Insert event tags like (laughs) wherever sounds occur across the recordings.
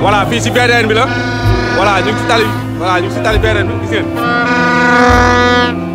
voilà fii si BDN bi la voilà ñu ngi si tali voilà ñu ngi si tali BDN bi gis ngeen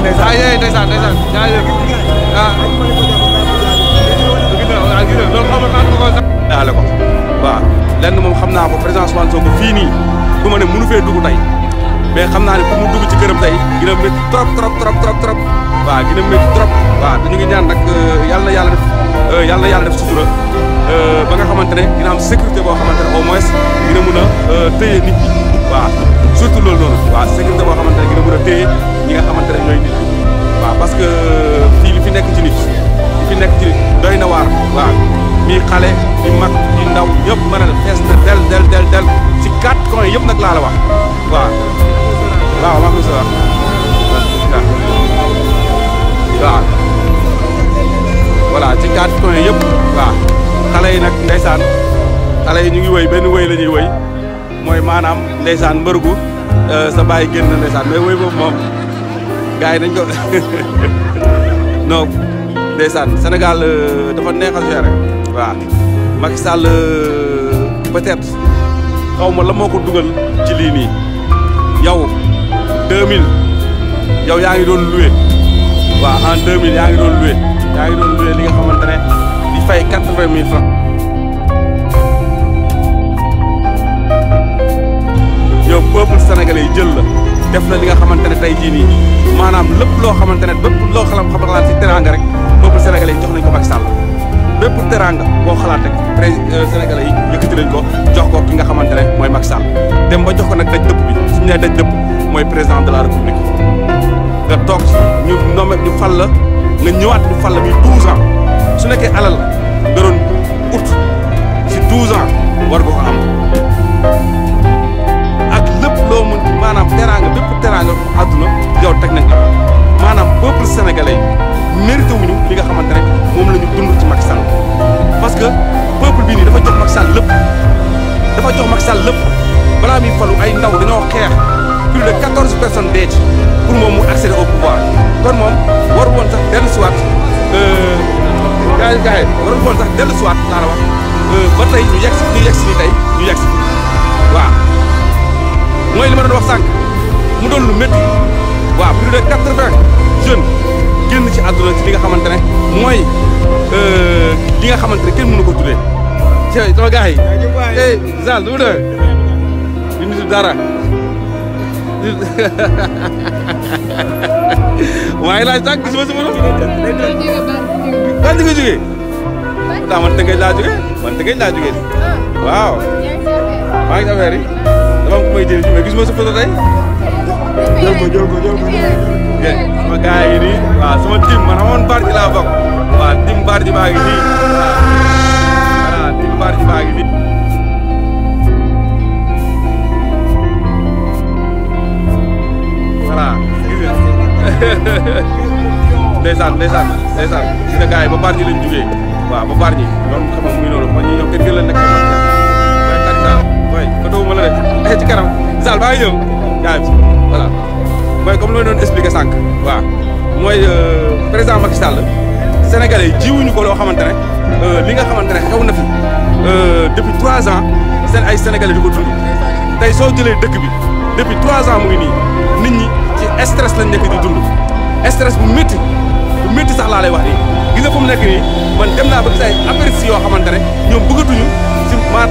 ah yooyu ndeysaan ndeysaan jaajëf ah. daale ko waaw lenn moom xam naa ko président Ousmane Sonko fii nii du ma ne mënu fee dugg tey mais xam naa ne pour mu dugg ci këram tey dina métti trop trop trop trop trop waaw dina métti trop waaw dañu ngi ñaan nag euh, yàlla na yàlla def euh, yàlla na yàlla def sutura euh, ba nga xamante ne dina am sécurité boo xamante ne au moins dina mun a téye nit ñi surtout loolu noonu waaw sécurité boo xamante ne gën a mën a téye ñi nga xamante ne ñooy nit waaw parce que fii li fi nekk ci nit li fi nekk ci nit doy na waar waaw mi xale mi mag mi ndaw ñëpp mën a fees na del del del del ci quatre coins yëpp nag laa la wax waaw waaw maa ngi sa waaw voilà ci quatre coins yëpp waaw xale yi nag ndeysaan xale yi ñu ngi woy benn woy la ñuy woy mooy maanaam ndeysaan mbërgu Euh, sa bàyyi génn na ndeysaan mais woy boobu moom gars yi dañ ko (laughs) non ndeysaan Sénégal euh, dafa neex a gérer waaw Macky Sall euh, peut ma la moo ko dugal ci lii nii yow 2000 yow yaa ngi doon loué waaw en 2000 yaa ngi doon loué yaa ngi doon loué li nga xamante ne di fay 80 000 francs yow peuple def la li nga xamantene tay jini manam lepp lo xamantene bepp lo xalam xabar la ci teranga rek bepp sénégalais jox nañ ko pakistan bepp teranga bo xalat rek sénégalais yi yëkëti lañ ko jox ko ki nga xamantene moy pakistan dem ba jox ko nak daj depp bi suñu né daj depp moy président de la république da tok ñu nomé ñu fal la nga ñëwaat ñu fal la bi 12 ans su nekké alal da doon nga xamante moom la ñu dund ci Macky parce que peuple bii nii dafa jox Macky Sall lépp dafa jox Macky Sall lépp balaa muy falu ay ndaw dañoo xeex plus de quatorze personnes dee ci pour moom mu accéder au pouvoir kon moom war woon sax dellu siwaat gaay euh, gaay war woon sax dellu siwaat laa la wax euh, ba tey ñu yegg si ñu yegg si ni tey ñu yegg si waaw mooy li ma doon wax sànq mu doon lu métti waaw de quatre-vingts jeunes génn ci àdduna ci li nga xamante ne mooy euh, li nga xamante ne kenn mënu ko tuddee. ci sama gars yi. eh du doy. du nitu dara. (laughs) waaye laaj tànk gisuma sama doom. lan di nga jógee. daa man tënkee laa jógee man tënkee laa jógee maa ngi ci affaire yi. dafa am ku may jëriñ mais gisuma sa photo tey. jël bien sama gars yi nii waaw sama team man amoon Bargny laa bokk waaw team Bargny baa ngi nii waaw team Bargny baa ngi nii voilà (laughs) ndeysaan ndeysaan ndeysaan gis nga gars yi ba Bargny lañ jugee waaw ba Bargny ñoom xam nga muy noonu man ñi ñoom kër gi la nekk waaye kàddu gi daal waaye ko doomu ma la rek (laughs) ci kanam Zal baa ngi ñëw gars yi voilà. mooy comme loolu doon expliqué sànq waaw mooy euh, président Macky Sall sénégalais yi jiwuñu ko loo xamante ne euh, li nga xamante ne xew na fi euh, depuis trois ans seen ay sénégale di ko dund tey soo jëlee dëkk bi depuis trois ans mu ngi nii nit ñi ci stress lañ nekk di dund stress bu métti bu métti laa lay wax nii gis nga fu nekk nii man dem naa ba gis ay appétits yoo xamante ne ñoom bëggatuñu si maat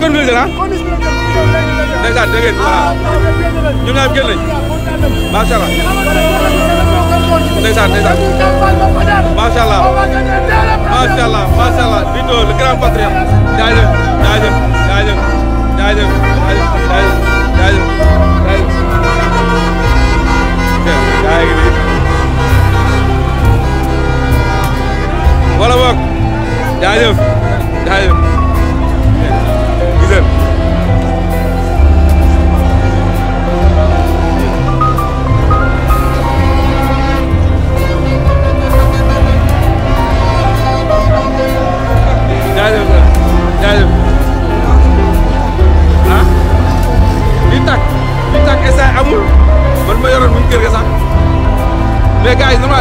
gënul leen ah. ndeysaan dégg ngeen voilà ñun ñaar gën lañ macha allah ndeysaan ndeysaan macha allah macha allah macha allah Vito le grand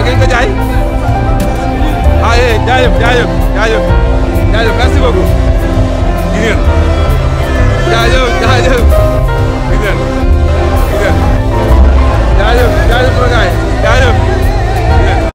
gagne ko jay ah eh jayum jayum jayum jayum merci beaucoup dinen jayum jayum dinen dinen jayum jayum ko gagne jayum